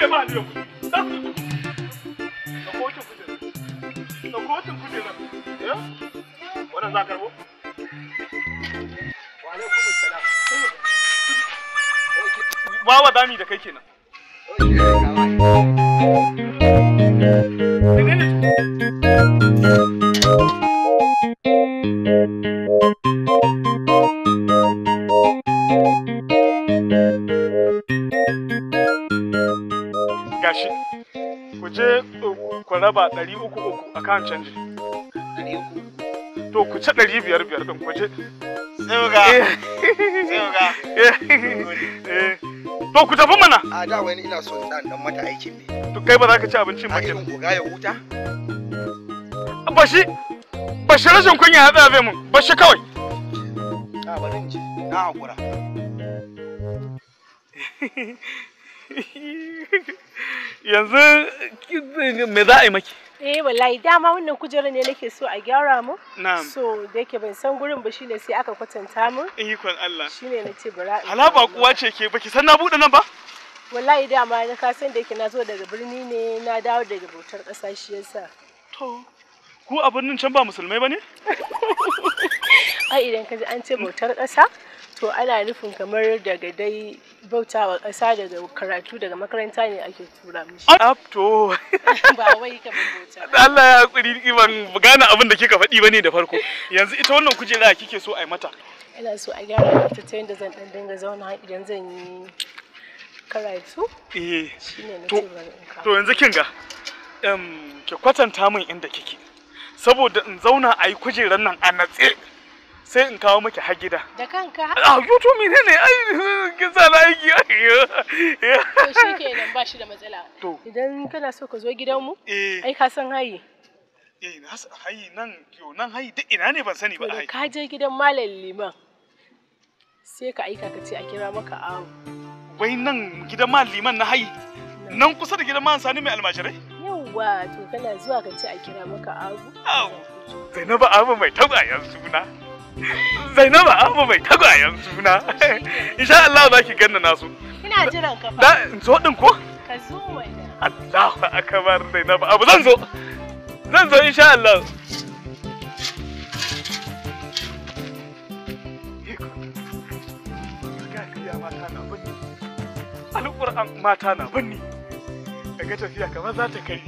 ce ba ni da kuɗi za su da kocin kujerar da kocin kujerar eh? wannan za karbo wawa dami da kai kenan Thank you. ku je ku raba ɗari uku uku a kan canji. To ku ci ɗari biyar biyar ɗin ku je. Tsimuga. Tsimuga. Eh. Eh. Eh. To ku tafi mana. A da wani ina so in dan mata aikin ne. To kai ba za ka ci abinci ba kenan. Ku ga ya huta. Ba shi ba shi rashin kunya ya tsafe mun ba shi kawai. A bari in na hakura. yanzu me za a yi maki eh wallahi dama wannan kujerar ne nake so a gyara mu na'am so da yake ban san gurin ba shine sai aka kwatanta mu ikon Allah shine na ce bara hala ba kuwa ce ke baki san na bude nan ba wallahi dama na ka san da yake na zo daga birni ne na dawo daga bautar ƙasa shi yasa to ku a birnin can ba musulmai bane ai idan ka ji an ce bautar ƙasa to ana nufin kamar daga dai bautawa ƙasa da karatu daga makaranta ne ake tura mishi. Up to. Ba wai kamar bauta. Allah ya hakuri ban gane abin da kika faɗi ba ne da farko. Yanzu ita wannan kujera kike so a yi mata. Ina so a gyara ta ta yadda zan dan dinga zauna idan zan yi karatu. Eh. to to yanzu kin ga um, ki kwatanta min inda kike. Saboda in zauna a yi kujerar nan a natse. sai in kawo miki har gida da kanka a ah, yoto mene ne ai Kisa na aiki to shikenan ba shi da matsala to idan kana so ka zo gidan mu eh. ai ka san hayi eh na san hayi nan yo nan hayi duk ina ne ban sani ba hayi ka je gidan malam liman sai ka aika ka ce a kira maka awo wai nan gidan malam liman na hayi nan kusa da gidan malam sani mai almajirai yauwa to kana zuwa ka ce a kira maka abu. Zainabu abu mai tausayin suna. zainaba Abu mai tagwayen suna. Insha Allah za ki ganna nasu. Ina jiran ka fa. Da zo din ko? Ka zo mana. Allahu akbar zainaba Abu zan zo. Zan zo insha Allah. mata na binni. Daga tafiya kamar za ta kai.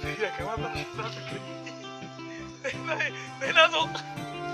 Tafiya kamar za ta kai. Sai na zo.